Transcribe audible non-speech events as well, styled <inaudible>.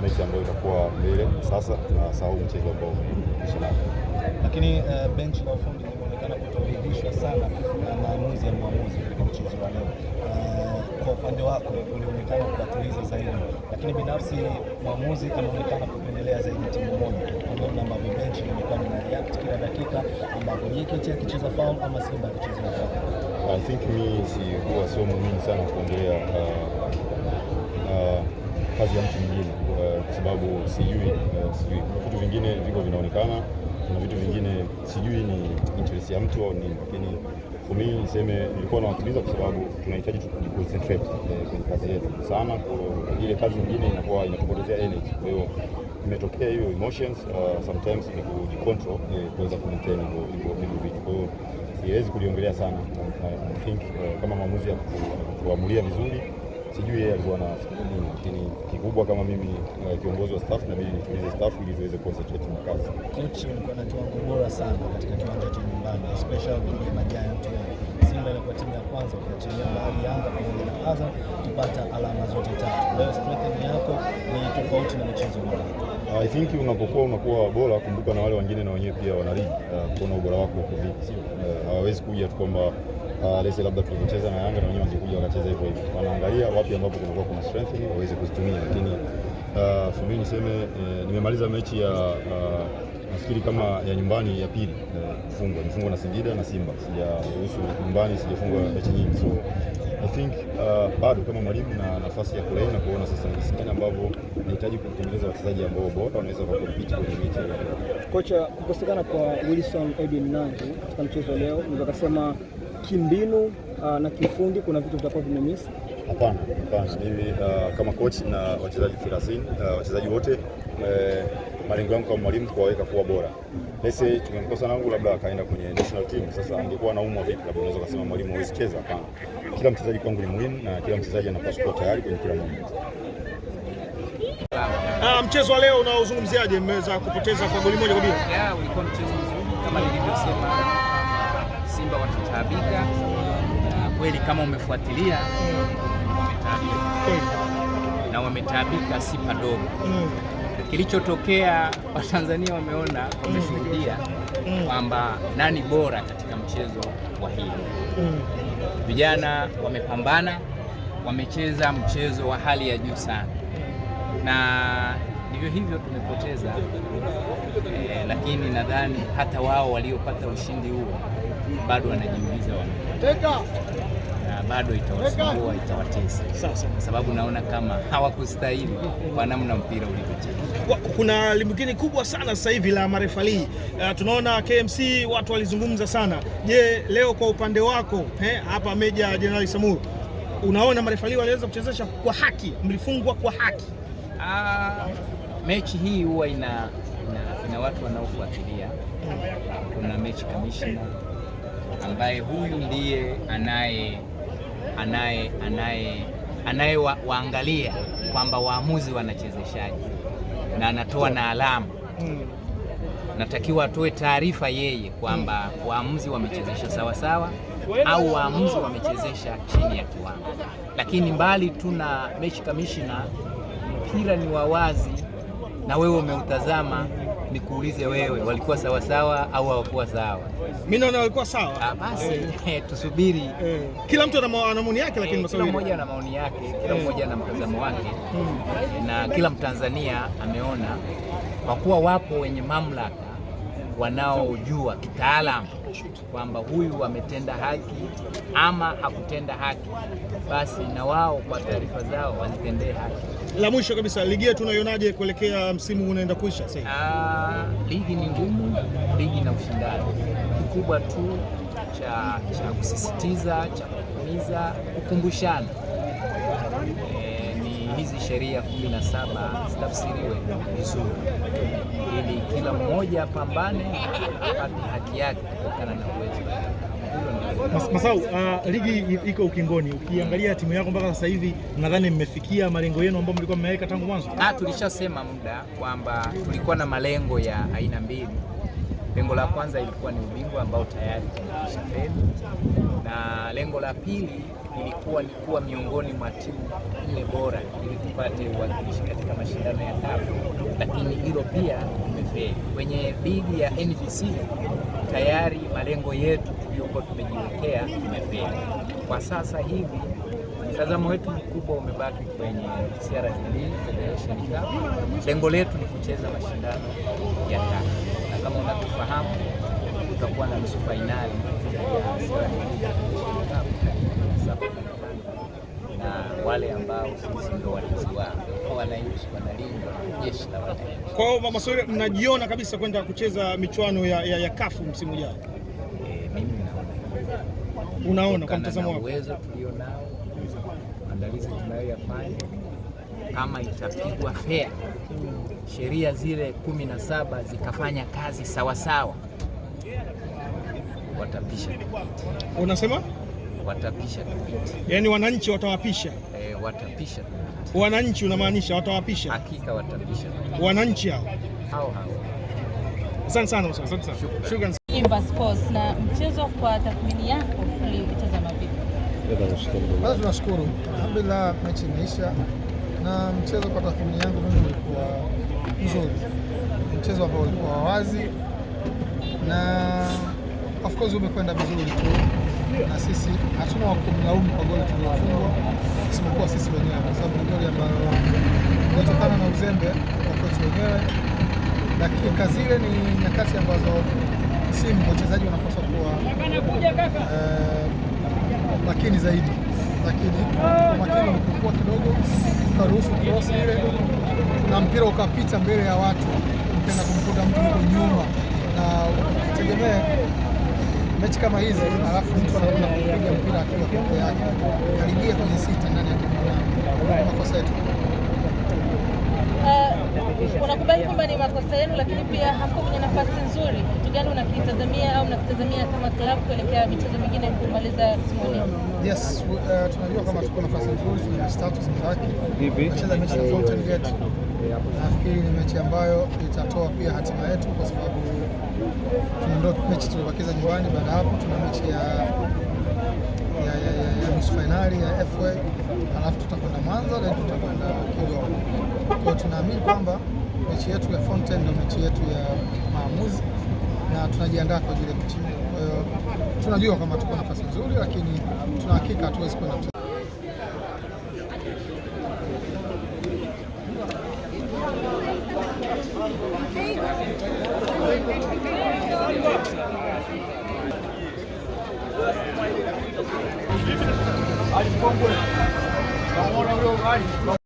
sana mechi ambayo itakuwa mbele sasa, na sahau mchezo ambao kisha nao. Lakini uh, eh, benchi la ufundi limeonekana kutoridhishwa sana na maamuzi ya mwamuzi katika mchezo wa leo. Uh, kwa upande wako ulionekana kuwatuliza zaidi, lakini binafsi mwamuzi anaonekana kupendelea zaidi timu moja, kwa namna ambavyo benchi limekuwa na react kila dakika, ambapo JKT akicheza faul ama Simba akicheza faul. I think mi si huwa sio muhimu sana kuongelea uh, uh, kazi ya mtu mwingine, kwa sababu sijui eh, sijui vitu vingine viko vinaonekana, kuna vitu vingine sijui ni interest ya mtu au nini, lakini kwa mimi niseme nilikuwa nawatuliza, kwa sababu tunahitaji concentrate eh, kwenye kazi yetu sana. kwa Ile kazi nyingine inakuwa inatupotezea energy, kwa hiyo imetokea hiyo emotions eh, sometimes ni kujicontrol kuweza kumaintain hivyo vitu. Kwa hiyo siwezi kuliongelea sana. I think kama maamuzi ya kuamulia vizuri sijui yeye alikuwa anafikiria nini, lakini kikubwa kama mimi kiongozi wa staff nabidi nitulize staff ili tuweze concentrate na kazi. Kocha alikuwa na kiwango bora sana katika kiwanja cha nyumbani, especially kwa Magiant. Simba ilikuwa timu ya kwanza ukiachilia mbali Yanga pamoja na Azam kupata alama zote tatu. Leo strength yako ni tofauti na michezo mingine. I think unapokuwa unakuwa bora, kumbuka na wale wengine na wenyewe pia wanaligi uh, kuona ubora wako uko vipi. sio uh, Hawawezi uh, kuja tu kwamba Uh, ah, Dar es Salaam labda tulivyocheza na Yanga na wenyewe wangekuja wakacheza hivyo hivyo, wanaangalia wapi ambapo kunakuwa kuna strength waweze kuzitumia, lakini uh, for me niseme eh, nimemaliza mechi ya uh, nafikiri kama ya nyumbani ya pili eh, kufungwa, eh, nifungwa na Singida na Simba, sijaruhusu nyumbani, sijafungwa mechi nyingi, so I think uh, bado kama mwalimu na nafasi ya kulea na kuona sasa ni jinsi gani ambavyo nahitaji kutengeneza wachezaji ambao bora wanaweza kwa kukompiti kwenye mechi ya kocha. Kukosekana kwa Wilson Edin Nangu katika mchezo leo, naweza kusema kimbinu uh, na kifundi kuna vitu vitakuwa vimemiss? Hapana, hapana. Mimi uh, kama coach na wachezaji 30 uh, wachezaji wote eh, malengo yangu kama mwalimu kuwaweka kuwa bora. Lese tumemkosa nangu labda akaenda kwenye national team, sasa angekuwa anaumwa vipi? Labda unaweza kusema mwalimu hawezi cheza. Hapana, kila mchezaji kwangu ni muhimu na kila mchezaji ana passport tayari kwenye kila moment. Ah, mchezo wa leo unaozungumziaje? Mmeweza kupoteza kwa goli moja kwa bila. Yeah, ulikuwa mchezo mzuri kama nilivyosema Simba watataabika kweli, kama umefuatilia mm. na wametaabika si padogo. Mm. Kilichotokea Watanzania wameona, wameshuhudia mm. kwamba nani bora katika mchezo wa hili. Vijana wamepambana, wamecheza mchezo wa hali ya juu sana na ndivyo hivyo tumepoteza e, lakini nadhani hata wao waliopata ushindi huo bado wanajiuliza wa na bado itawasumbua itawatesa, sababu naona kama hawakustahili kwa namna mpira ulivyocheza. Kuna limbukini kubwa sana sasa hivi la marefali. Uh, eh, tunaona KMC watu walizungumza sana. Je, leo kwa upande wako eh, hapa Meja Jenerali Samuru, unaona marefali waliweza kuchezesha kwa haki? Mlifungwa kwa haki? Ah, mechi hii huwa ina, ina, ina watu wanaofuatilia. Kuna mechi kamishna ambaye huyu ndiye anaye anaye anaye anayewaangalia wa, kwamba waamuzi wanachezeshaji na anatoa na alama natakiwa atoe taarifa yeye kwamba waamuzi wamechezesha sawasawa au waamuzi wamechezesha chini ya kiwango. Lakini mbali tu na mechi kamishina mpira ni wa wazi na wewe umeutazama, nikuulize wewe, walikuwa sawa sawa au hawakuwa sawa? Mimi naona walikuwa sawa. Ah, basi <laughs> tusubiri. E, kila mtu ana maoni yake, lakini eh, kila mmoja ana maoni yake, kila eh. mmoja ana mtazamo wake hmm. na kila Mtanzania ameona kwa kuwa wapo wenye mamlaka wanaojua kitaalamu kwamba huyu ametenda haki ama hakutenda haki, basi na wao kwa taarifa zao wazitendee haki. La mwisho kabisa, ligi yetu unaionaje kuelekea msimu unaenda kuisha sasa? Ah, ligi ni ngumu, ligi na ushindani kikubwa tu cha, cha kusisitiza cha kuhimiza kukumbushana sheria 17 zitafsiriwe vizuri, ili kila mmoja apambane apate haki yake kutokana na uwezo Mas, Masau, uh, ligi iko ukingoni. Ukiangalia timu yako mpaka sasa hivi, nadhani mmefikia malengo yenu ambayo mlikuwa mmeweka tangu mwanzo. Ah, tulishasema muda kwamba tulikuwa na malengo ya aina mbili. Lengo la kwanza ilikuwa ni ubingwa ambao tayari tumekwisha na lengo la pili ilikuwa ni kuwa miongoni mwa timu nne bora ili tupate uwakilishi katika mashindano ya CAF, lakini hilo pia tumefeli. Kwenye bidi ya NBC tayari malengo yetu tuliyokuwa tumejiwekea tumefeli. Kwa sasa hivi mtazamo wetu mkubwa umebaki kwenye CRC Federation Cup. Lengo letu ni kucheza mashindano ya CAF, na kama unavyofahamu, tutakuwa na nusu fainali ya CRC Federation Cup na wale ambao sisi ndio walinzi wao, wananchi wanalindwa jeshi la wananchi. Kwa hiyo Mama Soweto, mnajiona kabisa kwenda kucheza michuano ya, ya, ya kafu msimu ujao? E, mimi naona, unaona kwa mtazamo wako, uwezo tulio nao, maandalizi tunayoyafanya kama itapigwa fair sheria zile kumi na saba zikafanya kazi sawasawa, watapisha. Unasema? watapisha tupite. Yaani wananchi watawapisha e, watapisha tupite. Wananchi unamaanisha watawapisha? Hakika watapisha tupite. Wananchi hao hao hao. Asante sana, asante sana. Shukrani. Simba Sports na mchezo, kwa tathmini yako ulitazama vipi? Bado tunashukuru. Alhamdulillah, mechi imeisha na mchezo kwa tathmini yangu mimi ulikuwa mzuri, mchezo ambao ulikuwa wazi na of course umekwenda vizuri tu, na sisi hatuna wa kumlaumu kwa goli tuliofungwa, isipokuwa sisi wenyewe, kwa sababu ni goli ambayo inatokana na uzembe wa kwetu wenyewe. Dakika zile ni nyakati ambazo simu wachezaji wanapaswa kuwa eh, makini eh, zaidi, lakini umakini ulipungua kidogo, ukaruhusu krosi ile na mpira ukapita mbele ya watu, ukenda kumkuta mtu uko nyuma na tegemee mechi kama hizi, alafu mtu anaenda kupiga mpira akiwa peke yake, karibia kwenye sita ndani ya kipindi, makosa yetu eh, unakubali kwamba ni makosa yenu, lakini pia hamko kwenye nafasi nzuri. Kitu gani unakitazamia au unakitazamia kama klabu kuelekea michezo mingine kumaliza msimu huu? Yes, eh, tunajua kama tuko nafasi nzuri, tuna mechi tatu zimebaki, tunacheza mechi na Fountain Gate nafikiri ni mechi ambayo itatoa pia hatima yetu, kwa sababu ndio mechi tuliobakiza nyumbani. Baada hapo tuna mechi ya ya, ya, ya, ya nusu fainali ya FA, alafu tutakwenda Mwanza na tutakwenda Kigoma. Kwa tunaamini kwamba mechi yetu ya Fontaine ndio mechi yetu ya maamuzi na tunajiandaa kwa ajili ya mechi. Kwa hiyo tunajua kwamba tuko nafasi nzuri, lakini tunahakika hatuwezi kwenda আজ কম করে